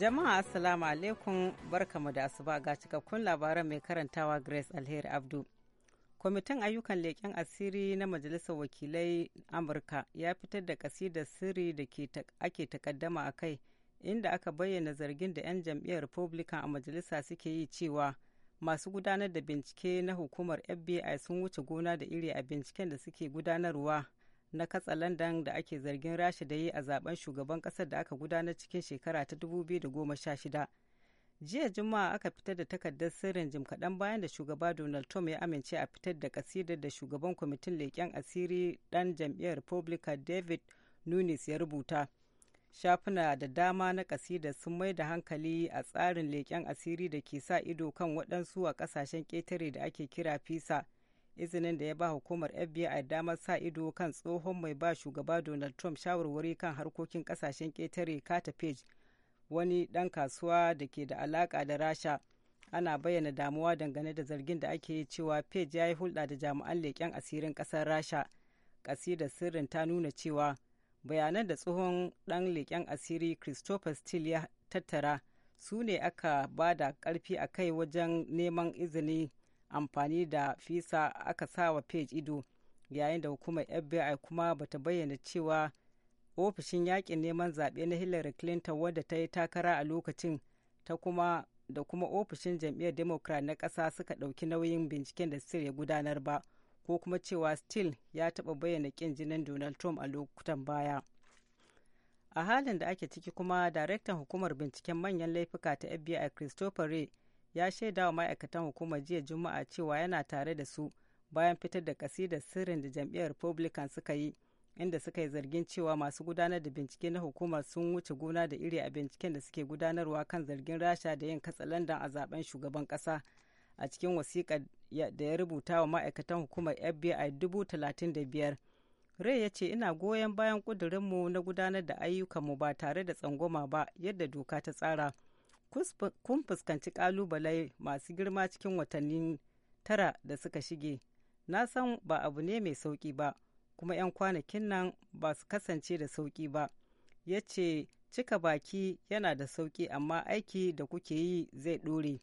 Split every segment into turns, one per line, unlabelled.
Jama'a Assalamu alaikum barkamu da asuba ga cikakkun labaran mai karantawa Grace Alheri Abdu. Kwamitin ayyukan leƙen asiri na Majalisar Wakilai Amurka ya fitar da ƙasidar sirri da ake takaddama a kai inda aka bayyana zargin da 'yan jam'iyyar Republican a majalisa suke yi cewa masu gudanar da bincike na hukumar FBI sun wuce gona da iri a binciken da suke gudanarwa na katsalandan da ake zargin Rashi da yi a zaben shugaban kasar da aka gudanar cikin shekara ta 2016 jiya juma'a aka fitar da takardar sirrin jim kaɗan bayan da shugaba donald trump ya amince a fitar da kasidar da shugaban kwamitin leƙen asiri dan jam'iyyar republica david nunes ya rubuta shafuna da dama na kasida sun mai da hankali a tsarin leƙen asiri da ke sa ido kan waɗansu a ƙasashen ƙetare da ake kira fisa izinin da ya ba hukumar fbi damar sa ido kan tsohon mai ba shugaba donald trump shawarwari kan harkokin kasashen ƙetare kata page wani ɗan kasuwa da ke da alaƙa da rasha ana bayyana damuwa dangane da zargin da ake yi cewa page ya yi hulɗa da jami'an leƙen asirin ƙasar rasha ƙasidar sirrin ta nuna cewa bayanan da tsohon ɗan leƙen asiri christopher steele ya tattara su ne aka ba da ƙarfi a kai wajen neman izini amfani da fisa aka sa wa page ido yayin da hukumar fbi kuma bata bayyana cewa ofishin yakin neman zaɓe na hillary clinton wadda ta yi takara a lokacin ta kuma da kuma ofishin jam'iyyar democrat na ƙasa suka ɗauki nauyin binciken da steele ya gudanar ba ko kuma cewa steel ya taɓa bayyana ƙin jinin donald trump a lokutan baya a halin da ake ciki kuma daraktan hukumar binciken manyan laifuka ta fbi christopher ray ya shaida wa ma'aikatan hukumar jiya juma'a cewa yana tare da su bayan fitar da kasidar sirrin da jam'iyyar republican suka yi inda suka yi zargin cewa masu gudanar da bincike na hukumar sun wuce gona da iri a binciken da suke gudanarwa kan zargin rasha da yin katsalandan a zaben shugaban kasa a cikin wasiƙa da ya rubuta wa ma'aikatan hukumar fbi dubu talatin da biyar ray ya ce ina goyon bayan ƙudurinmu na gudanar da ayyukanmu ba tare da tsangwama ba yadda doka ta tsara kun fuskanci kalubale masu girma cikin watanni tara da suka shige na san ba abu ne mai sauƙi ba kuma 'yan kwanakin nan ba su kasance da sauƙi ba ya ce cika baki yana da sauƙi amma aiki da kuke yi zai ɗore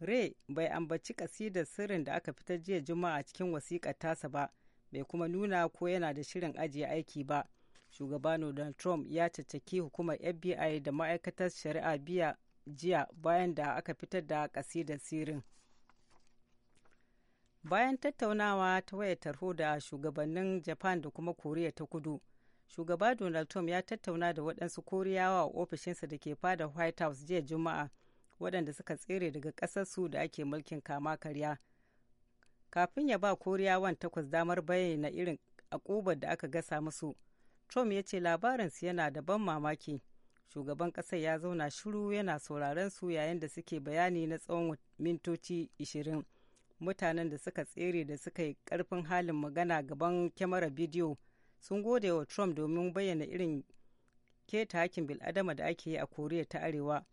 ray bai ambaci kasidar sirrin da aka fitar jiya juma'a cikin wasiƙar tasa ba bai kuma nuna ko yana da shirin ajiye aiki ba shugaba donald trump ya caccaki hukumar fbi da ma'aikatar shari'a biya jiya bayan da aka fitar da kasidar sirin bayan tattaunawa ta wayar tarho da shugabannin japan da kuma koriya ta kudu shugaba donald trump ya tattauna da waɗansu koriyawa a ofishinsa da ke fada white house jiya juma'a waɗanda suka tsere daga ƙasarsu da ake mulkin kama karya kafin ya ba koriyawan takwas damar bayyana irin akubar da aka gasa musu trump ya ce labarinsu yana da ban mamaki shugaban ƙasar ya zauna shiru yana sauraren su yayin da suke bayani na tsawon mintoci 20 mutanen da suka tsere da suka yi ƙarfin halin magana gaban kyamara bidiyo sun gode wa trump domin bayyana irin keta hakin bil'adama da ake yi a koriya ta arewa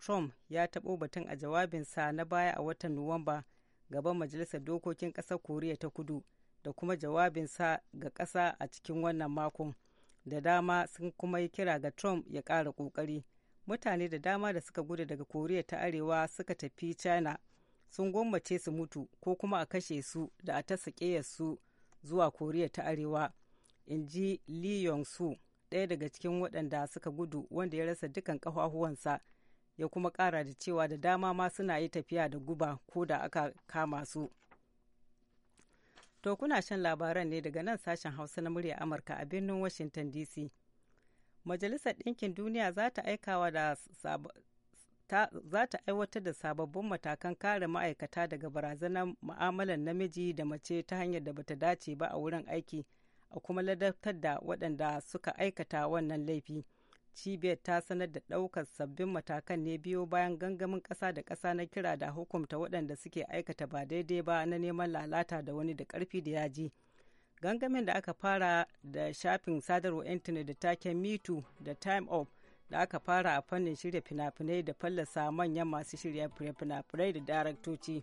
trump ya taɓo batun a jawabinsa na baya a watan nuwamba gaban majalisar dokokin ƙasar koriya ta kudu da kuma jawabinsa ga ƙasa a cikin wannan makon. da dama sun kuma yi kira ga trump ya ƙara ƙoƙari mutane da dama da suka gudu daga koriya ta arewa suka tafi china sun gwammace su mutu ko kuma a kashe su da a ta su zuwa koriya ta arewa in ji lee su ɗaya daga cikin waɗanda suka gudu wanda ya rasa dukan ƙafafuwansa ya kuma ƙara da cewa da dama ma suna yi tafiya da guba ko da aka kama su To kuna shan labaran ne daga nan sashen Hausa na murya Amurka a birnin Washington DC. Majalisar Ɗinkin Duniya za ta aikawa da aiwatar da sababbin matakan kare ma'aikata daga barazanar ma'amalar namiji da mace ta hanyar da bata dace ba a wurin aiki a kuma ladabtar da waɗanda suka aikata wannan laifi. tibet ta sanar da ɗaukar sabbin matakan ne biyo bayan gangamin ƙasa da ƙasa na kira da hukumta waɗanda suke aikata ba daidai ba na neman lalata da wani da karfi da yaji gangamin da aka fara da shafin sadarwa intanet da taken mitu da time of da aka fara a fannin shirya fina-finai da fallasa manyan masu shirya fina-finai da daraktoci.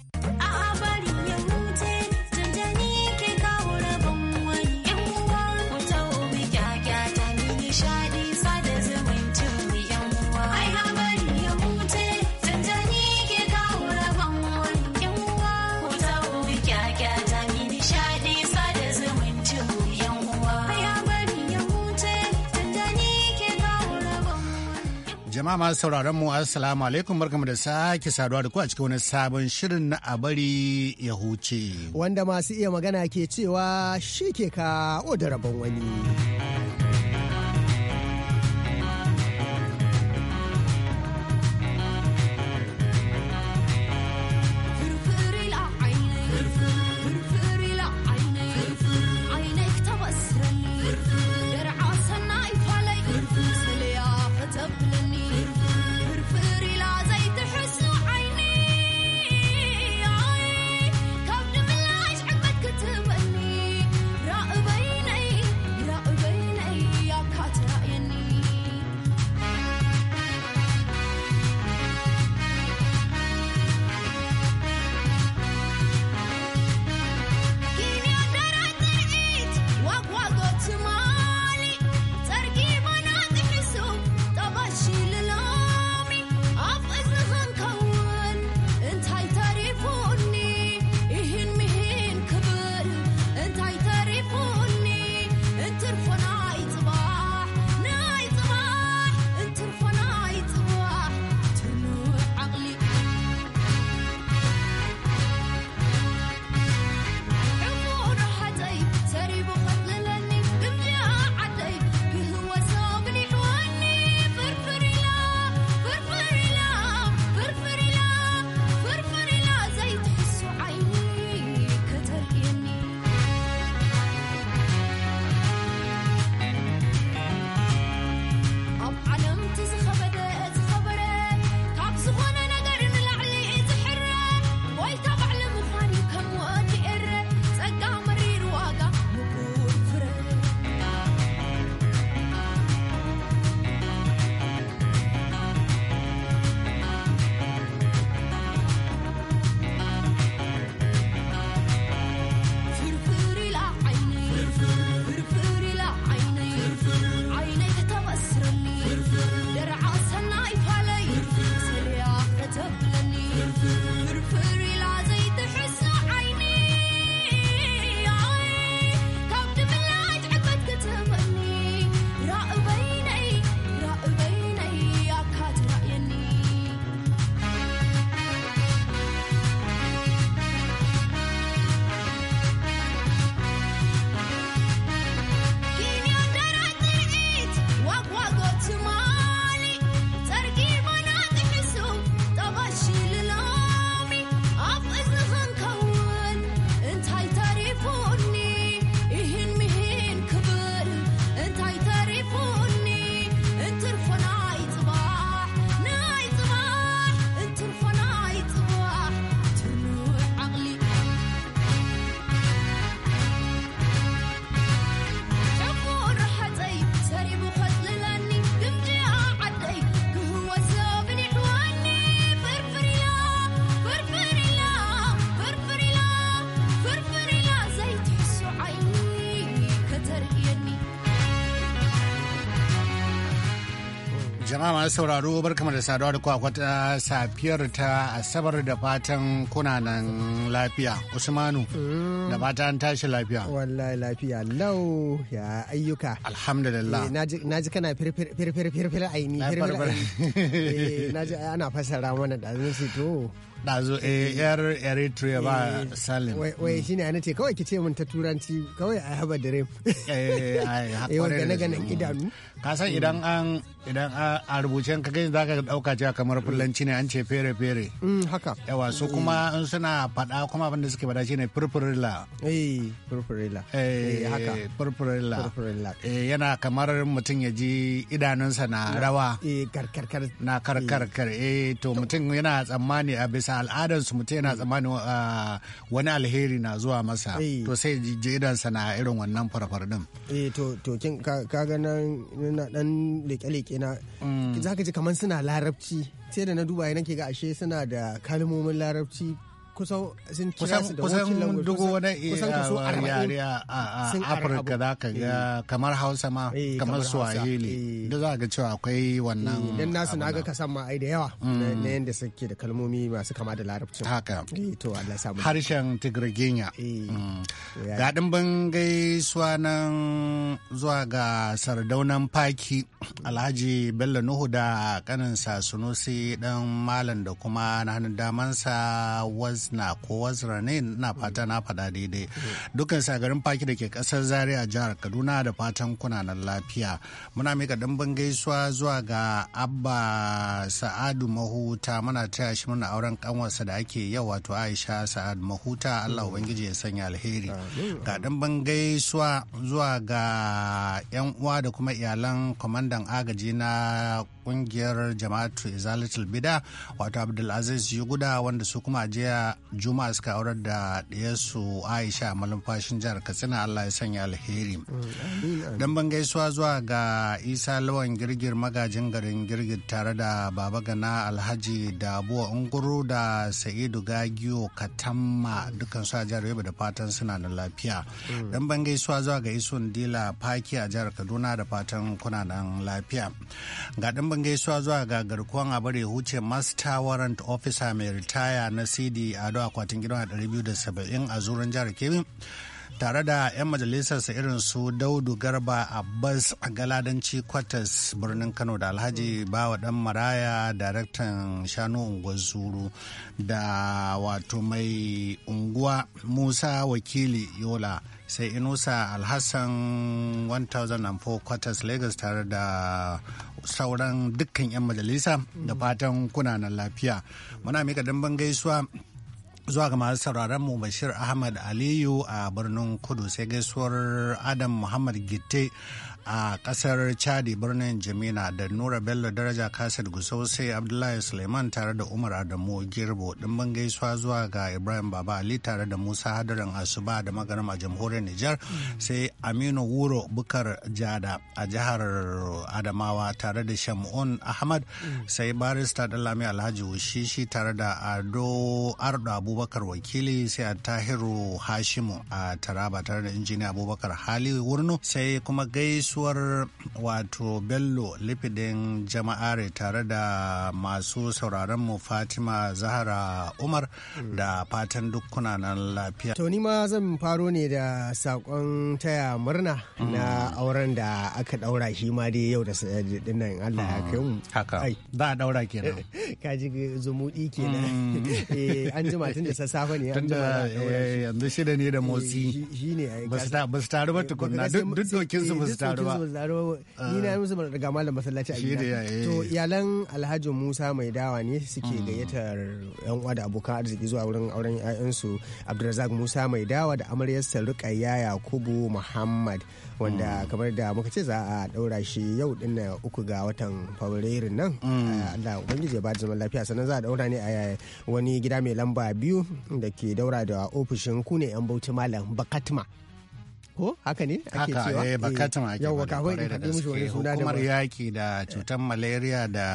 jama'a masu sauraron mu assalamu alaikum barkamu da sake saduwa da ku a cikin wani sabon shirin na abari ya huce. Wanda masu iya magana
ke cewa shi ke ka da rabon wani.
masu sauraro kamar da saduwa da kwakwata safiyar ta asabar da fatan kunanan lafiya usmanu mm. da fatan tashi lafiya wallahi lafiya lau ya ayyuka alhamdulillah eh, na ji kana
firfirfirfir aini firfir eh, na ji ana fasara mana da zai to
ɗazu a eh, yar eritrea ba salim wai mm. shi
ne ana ce kawai ki ce mun ta turanci kawai a haba da rem eh ai hakkore ne ganin idanu
ka san idan mm. an idan a rubuce ka gani za ka ɗauka cewa kamar fulanci ne an ce fere fere mm, haka yawa su mm. kuma in suna fada kuma abinda suke fada shine purpurilla eh purpurilla eh, eh haka purpurilla eh yana kamar mutum ya ji idanunsa na rawa eh karkarkar na karkarkar eh. eh to mutum yana tsammani a bisa al'adar su mutum yana mm. tsammani ah, wani alheri na zuwa masa eh. to sai ji idansa na irin wannan farfar din
eh to to kin ka ga nan na dan leke kenan mm. za ka ji kamar suna larabci sai da na duba ya nake ga ashe suna da kalmomin larabci kusan sun kira su kusan dugo wani eh, yare a
afirka za ka ga eh. kamar hausa ma eh, kamar swahili da za ga cewa akwai wannan dan nasu na ga kasan ma ai da yawa mm. na yadda suke da kalmomi masu kama da larabci haka to Allah samu harshen tigriginya mm. ga dimbin gaisuwa nan zuwa ga sardaunan faki alhaji bello nuhu da kaninsa sunusi dan malam da kuma na hannun damansa was na ko wazra ne na fata na faɗa daidai dukkan sagarin garin faki da ke ƙasar zaria a jihar kaduna da fatan kuna na lafiya muna mika dimbin gaisuwa zuwa ga abba sa'adu mahuta muna taya shi muna auren kanwarsa da ake yau wato aisha sa'adu mahuta allah ubangiji ya sanya alheri ga dimbin gaisuwa zuwa ga yan uwa da kuma iyalan kwamandan agaji na kungiyar jama'atu izalitul bida wato abdulaziz yuguda wanda su kuma jiya juma suka aurar da ɗiyarsu aisha malumfashin jihar katsina allah ya sanya alheri dan ban gaisuwa zuwa ga isa lawan girgir magajin garin girgir tare da baba gana alhaji da abuwa unguru da sa'idu gagiyo katamma dukkan su a jihar yobe da fatan suna da lafiya dan ban gaisuwa zuwa ga isun dila faki a jihar kaduna da fatan kuna nan lafiya ga dan ban gaisuwa zuwa ga garkuwan abare huce master warrant officer mai ritaya na cd ado akwatin gidan a 270 a zuran jihar kebbi tare da 'yan sa irin su daudu garba abbas a galadanci kwatas birnin kano da alhaji bawa dan maraya daraktan shanu unguwar zuru da wato mai unguwa musa wakili yola sai inusa alhassan 1004 kwatas lagos tare da sauran dukkan 'yan majalisa da fatan kunanan lafiya muna mika dimbin gaisuwa zuwa ga masu sauraron mu Bashir Ahmad Aliyu a birnin Kudu sai gaisuwar Adam Muhammad Gitte a kasar chadi birnin jimina da nura bello daraja kasir gusau sai abdullahi suleiman tare da umar adamu girbo ɗimbin gaisuwa zuwa ga ibrahim baba ali tare da musa hadarin asuba da magaram a jamhuriyar nijar sai aminu wuro bukar jada a jihar adamawa tare da shamun ahmad sai barista dalami alhaji wushishi tare da ado ardo abubakar wakili sai a tahiru hashimu a taraba tare da injiniya abubakar hali wurnu sai kuma gaisu. rasuwar wato bello lipidin jama'are tare da masu sauraron mu fatima zahara umar da fatan dukkuna nan lafiya to ma zan faro ne da
sakon taya murna na mm. auren da aka daura shi ma dai yau da
dinnan allah ya mm. kai mu haka za a daura kenan
kaji zumudi kenan mm. eh, an jima tun da sassafe ne an jima eh,
yanzu shida ne da motsi eh, ba su taru ba tukunna duk dokin su ba su taru
Daruma. Ni na musu ah. daga malam masallaci a gida. To iyalan Alhaji Musa mai dawa ne suke hmm. gayyatar yan uwa da abokan arziki zuwa wurin auren ƴaƴansu Abdulrazak Musa mai dawa da amaryarsa Rukayya Yakubu Muhammad wanda hmm. kamar da muka ce za a daura shi yau din na uku ga watan Fabrairu nan. Hmm. Ah, Allah ubangiji ya ba zaman lafiya sannan za a daura ne a wani gida mai lamba biyu da ke daura da ofishin kune yan Bauchi Malam Bakatma. ko haka ne ake cewa haka eh bakatan eh, ake yawa kawai da kaɗe mushi wani da hukumar yaki
da cutar malaria da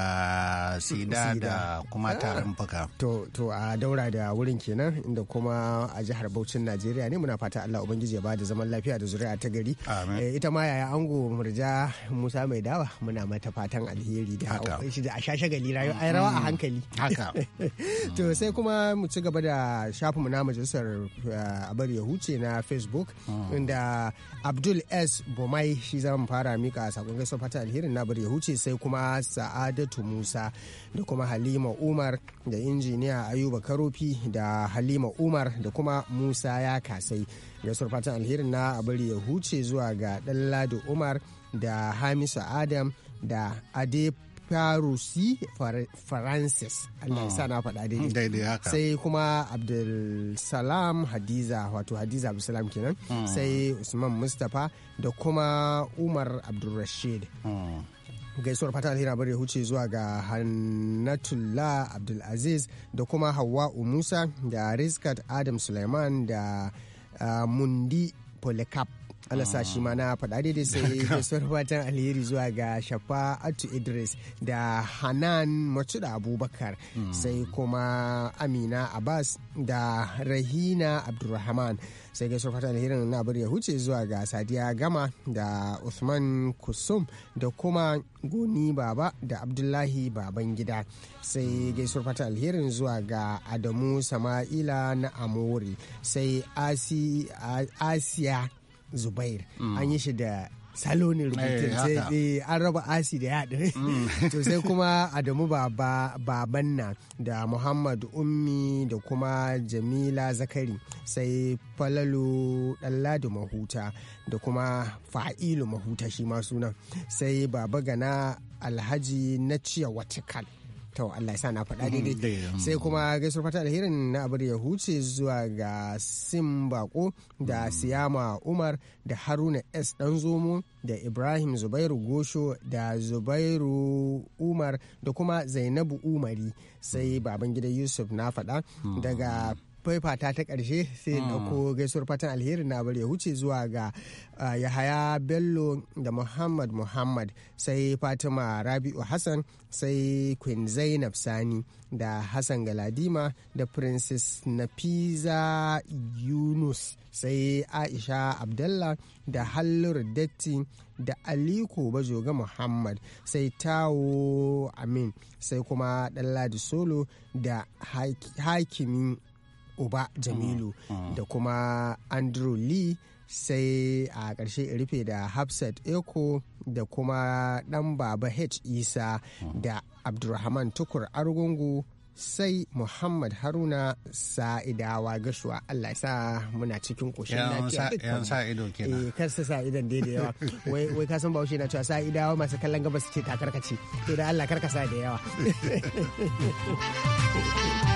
sida da kuma ah. tarin fuka to
to a daura da wurin kenan inda kuma a jihar Bauchin Najeriya ne muna fata Allah ubangiji ya bada zaman lafiya da zuri'a ta gari eh, ita ma yaya ango murja Musa mai dawa muna mata fatan alheri da shi da a shagali rayuwa ai rawa a mm, hankali haka to mm. sai kuma mu ci gaba da mu na majalisar eh, abar ya huce na Facebook mm. inda abdul s bomai shi zama fara mika sakon gaisuwa fata alherin na bari huce sai kuma sa'adatu musa da kuma halima umar da injiniya ayuba karofi da halima umar da kuma musa ya kasai gaisuwar fatan alherin na bari ya huce zuwa ga ɗanladi umar da hamisu adam da ade Farusi Faransis. Allah ya hmm. na faɗa daidai sai kuma Abdulsalam Hadiza wato Hadiza Abdulsalam kenan hmm. sai Usman Mustapha da kuma Umar Abdulrashid hmm. gaisuwar fata alhira bari ya huce zuwa ga Hannatullah Abdulaziz da kuma hawa Musa da Rizkat Adam Suleiman da uh, Mundi Polycarp alasa shi ma na faɗa daidai sai da fatan alheri zuwa ga shafa atu idris da hanan matuda abubakar hmm. sai kuma amina abbas da rahina abdulrahman sai ga fatan alherin na bari ya huce zuwa ga sadiya gama da usman kusum da kuma goni baba da abdullahi baban gida sai hmm. ga fatan alherin zuwa ga adamu sama'ila na amori sai asiya zubair mm. an yi shi da salo ne eh, rubutun sai eh, an raba asi da yaɗin mm. to sai kuma adamu baban na da muhammad ummi da kuma jamila zakari sai falalu ɗalladu mahuta da kuma fa'ilu mahuta shi ma sunan sai baba gana alhaji na ciya watikal to Allah ya sa na faɗa mm-hmm. daidai mm-hmm. sai kuma gaisuwar fata alherin na abu ya huce zuwa ga sim bako da mm-hmm. siyama umar da haruna s danzomo da ibrahim zubairu gosho da zubairu umar da kuma zainabu umari sai baban gida yusuf na faɗa daga faifata ta ƙarshe sai ah. ɗauko gaisuwar fatan alheri na bari ya wuce zuwa ga ah, yahaya bello da muhammad muhammad sai fatima rabi'u hassan sai queen zainab sani da hassan galadima da princess nafiza yunus sai aisha abdallah da hallur datti da aliko bajoga muhammad sai tawo amin sai kuma ɗanladi solo da hakimi uba jamilu mm, mm. da kuma andrew lee sai a ƙarshe rufe da hafsat eko da kuma ɗan baba h isa mm. da abdulrahman tukur argungu sai Muhammad Haruna Sa'idawa gashuwa Allah sa muna cikin koshin lafiya yawon sa'ido ido kenan eh kar sa sa idan da yawa wai wai ka san Bahaushe na cewa Sa'idawa masu kallon gabas ce takarkaci to da Allah karka sa da yawa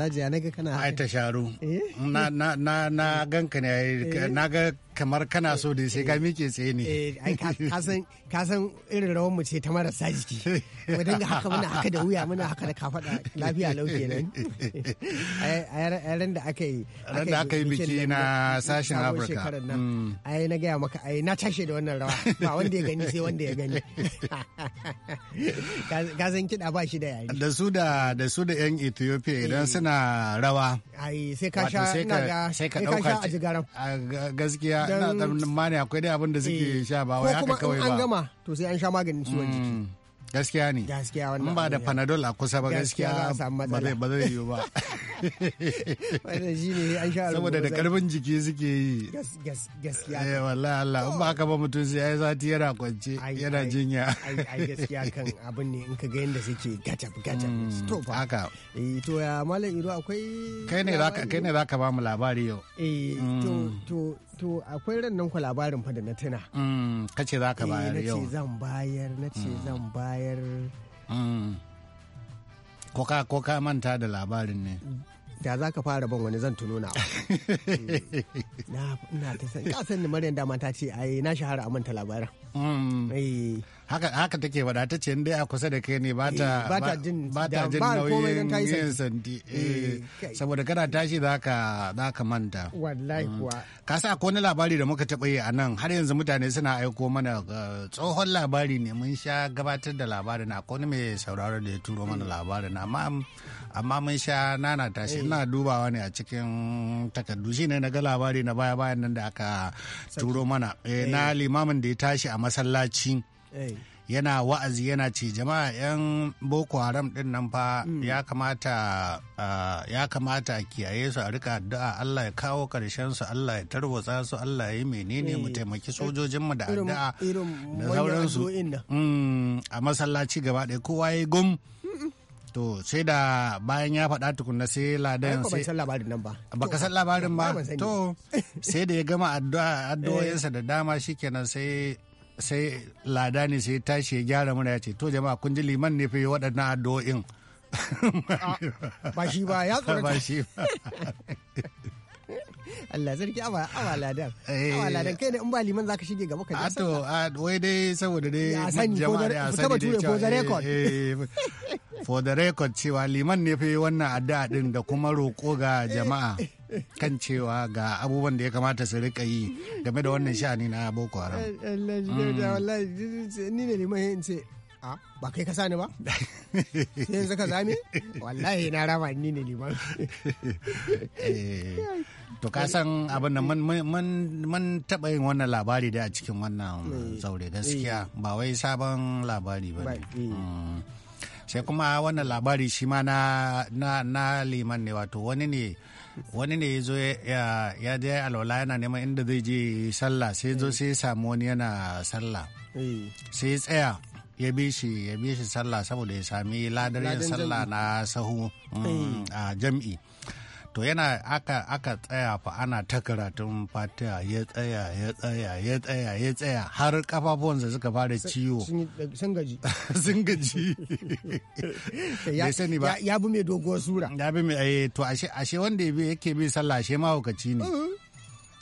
alhaji ya naga kana ai ta sharu eh? na na na ganka ne eh? na ga kamar kana so da sai ka eh, eh, miƙe tsaye ne eh, ka san irin rawar mu ce ta marasa jiki mu dinga haka muna haka da
wuya muna haka da kafaɗa lafiya lau kenan a ran da aka yi ran da aka yi biki na sashen Afirka mm. ai na gaya maka ai na tashi da wannan rawa ba wanda ya gani sai wanda ya gani ka san kiɗa ba shi da yari
da su da da su da yan Ethiopia idan suna rawa
ai sai ka sha ina ga sai ka dauka
a gaskiya dan tsammani akwai dai abin da suke eh, sha ba wai haka kawai ba an gama to sai an sha maganin ciwon mm, jiki gaskiya ne gaskiya wannan ba da panadol a kusa ba gaskiya ba zai yiwu ba wannan shi ne an sha saboda da karfin jiki suke yi gaskiya eh wallahi Allah in ba haka ba mutum sai ai sati yana kwance yana jinya ai gaskiya kan abin ne in ka ga yanda suke gatab gatab mm, to fa haka eh to ya malam Iro akwai kai ne zaka kai ne zaka ba mu labari yau eh to mm.
to to akwai ran nan ku labarin fa da na tuna
mm, kace zaka eh, bayar yau nace zan
bayar nace zan bayar
ko ka manta da labarin ne da za ka fara ban wani zan tuno na
na ta san kasan
da maryam dama ta ce
ai na shahara
a manta labaran mm. eh. haka haka take faɗa ta ce dai a kusa da kai ne ba ta eh, jin nauyin yin sandi eh, eh, saboda kana tashi za ka manta wallahi mm. kuwa ka sa ko wani labari da muka taɓa yi a nan har yanzu mutane suna aiko mana tsohon labari ne mun sha gabatar da labarin na ko mai sauraro da ya turo mana labarin amma amma mun sha nana tashi ina dubawa ne a cikin takardu shine na ga labari na baya bayan nan da aka turo mana na limamin da ya tashi a masallaci Eh. yana wa'azi yana ce jama'a 'yan boko haram din nan fa mm. ya kamata ya kamata kiyaye su a rika addu'a Allah ya kawo karshen su Allah ya tarwatsa su Allah ya yi menene mu eh. taimaki sojojin mu da addu'a da su mm, a masallaci gaba ɗaya kowa ya gum to sai da bayan ya faɗa tukunna sai ladan sai san labarin nan ba baka san labarin ba to sai da ya gama eh. addu'o'insa da dama shikenan sai sai lada ne sai tashi ya gyara mana ya ce to jama'a kun ji liman ne fi waɗannan addu'o'in ba shi ba ya tsorata ba shi ba
Allah sarki awa awa ladan
eh. awa ladan
kai ne in ba liman zaka shige gaba ka
ji to wai dai saboda dai jama'a ya sani dai for the eh, record eh, for the record cewa liman ne fi wannan addu'a din da kuma roƙo ga jama'a kan cewa ga abubuwan da ya kamata su rika yi game da wannan sha'ani na boko haram eh,
eh, mm. ni ne liman ce ba kai ka sani ba
sai yanzu ka zame
wallahi na rama ni ne liman
eh, to ka san abin da man taɓa yin wannan labari da a cikin wannan zaure gaskiya ba wai sabon labari ba mm. sai kuma wannan labari shi ma na liman ne wato wani ne wani ne ya zo ya je alwala yana neman inda zai je sallah sai zo eh. sai samu wani yana sallah eh. sai tsaya ya bi shi ya bi shi sallah saboda ya sami ladar yin sallah na sahu mm, eh. a jam'i to yana aka aka tsaya fa ana ta karatun fatiha ya tsaya ya tsaya ya tsaya ya tsaya har da suka fara ciwo sun gaji sun gaji sani ba ya bi mai doguwar sura ya bi mai eh, to ashe ashe wanda yake bi sallah ashe mahaukaci ne mm-hmm.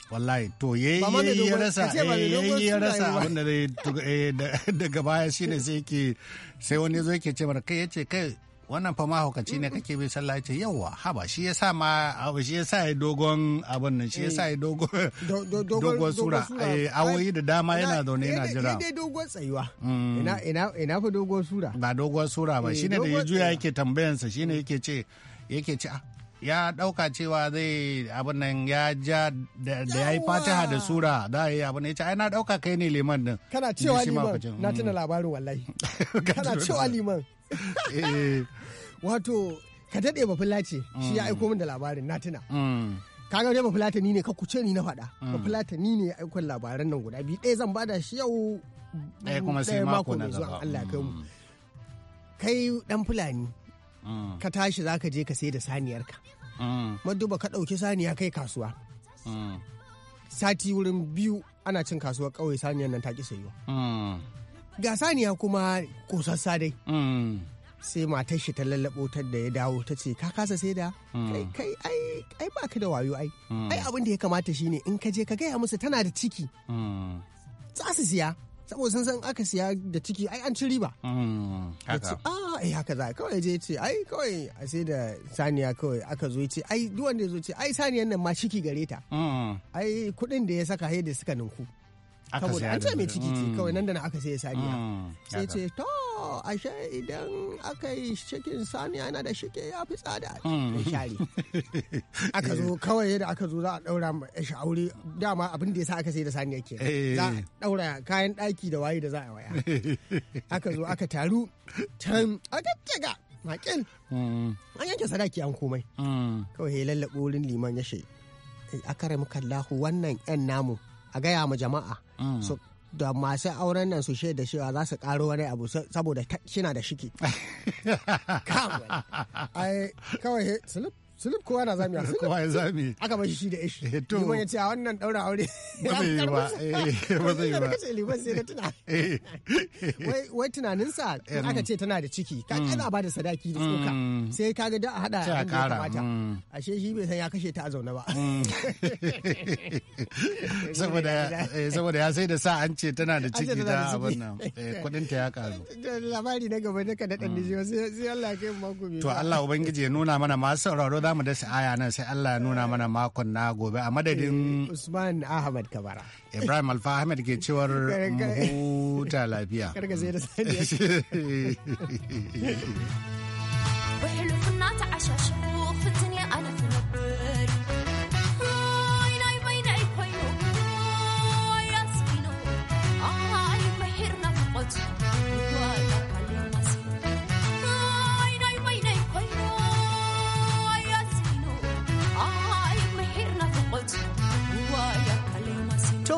wallahi to ya yi rasa eh, ya rasa abin da eh, daga baya shine sai yake sai wani zo yake ce mana kai yace kai wannan fa mahaukaci ne kake bin sallah ce yawa haba shi sa ma shi sa ya dogon abin nan shi sa ya eh. dogon sura sura eh, awoyi da dama yana zaune yana jira dai dogon tsayuwa mm. ina fa dogon sura ba dogon sura ba eh, shine da ya juya yake tambayansa shine mm. yake ce yake ce ah, ya ɗauka cewa zai abin nan ya ja da ya yi fatiha da sura za ya yi abin ya ce ai na ɗauka kai ne liman din kana cewa liman na tuna
mm. labarin wallahi
kana cewa liman
wato ka daɗe ba filace shi ya mm. aiko min da labarin na tuna mm. kaga dai ba ni ne ka kuce ni na faɗa mm. ba ni ne ya aiko labaran nan guda biyu ɗaya zan bada shi yau ɗaya kuma sai mako na zuwa Allah kai mu kai dan fulani ka tashi zaka je ka sai da saniyarka maduba ka ɗauki saniya kai kasuwa sati wurin biyu ana cin kasuwa kawai, saniyar nan ta ki sayo. ga saniya kuma kosassa dai sai matar shi ta lallabo ta da ya dawo ta ce ka kasa sai da hmm. kai kai ai ai ka da wayo ai hmm. ai abin da ya kamata shine in ka je ka gaya musu tana da ciki hmm. za su siya saboda sun san aka siya da ciki ai an ci riba haka a ah, eh haka za kawai je ce ai kawai a sai da saniya kawai aka zo ce ai duk wanda ya zo ce ai saniyan nan ma ciki gare ta ai kuɗin da ya saka sai da suka ninku saboda an ce mai ciki ce kawai nan da na aka sai saniya sai ce to ashe idan aka yi cikin saniya yana da shike ya fi tsada ya hmm. share aka zo eh. kawai da aka zo za a daura ma ya aure dama abin da ya sa aka sai da saniya ke eh. za a daura kayan daki da waye da za a waya aka zo aka taru can aka taga makil hmm. an yanke sadaki an komai hmm. kawai ya lallaɓo wurin liman ya shi eh, akare muka lahu wannan yan namu a gaya ma jama'a su da masu auren nan su shaida cewa za su karo wani abu saboda kina da shiki. Kawai, kawai, Sulub kowa na zami a kowa ya zami. Aka bashi shi da ishi. Eh, to. Liman ya ce a wannan ɗaura aure. Ba zai yi ba. Eh, ba zai yi ba. Kace liman sai da
tuna. Eh.
Wai tunaninsa in aka mm. ce tana da ciki. Ka kana mm. ba da sadaki da tsoka. Mm.
Sai ka ga da a haɗa
a kamata. Ashe shi bai san ya kashe ta a zaune ba.
Saboda ya sai da sa an ce tana da ciki ta abin nan. ta ya karu.
Labari na gaba na kaɗaɗan da sai Allah ya kai mako To Allah
Ubangiji ya nuna mana masu sauraro za mu dasa aya nan sai Allah ya nuna mana makon na gobe a madadin eh, Usman Ahmad Kabara. Ibrahim Alfa Ahmed ke cewar huta lafiya. Karka sai
da sani.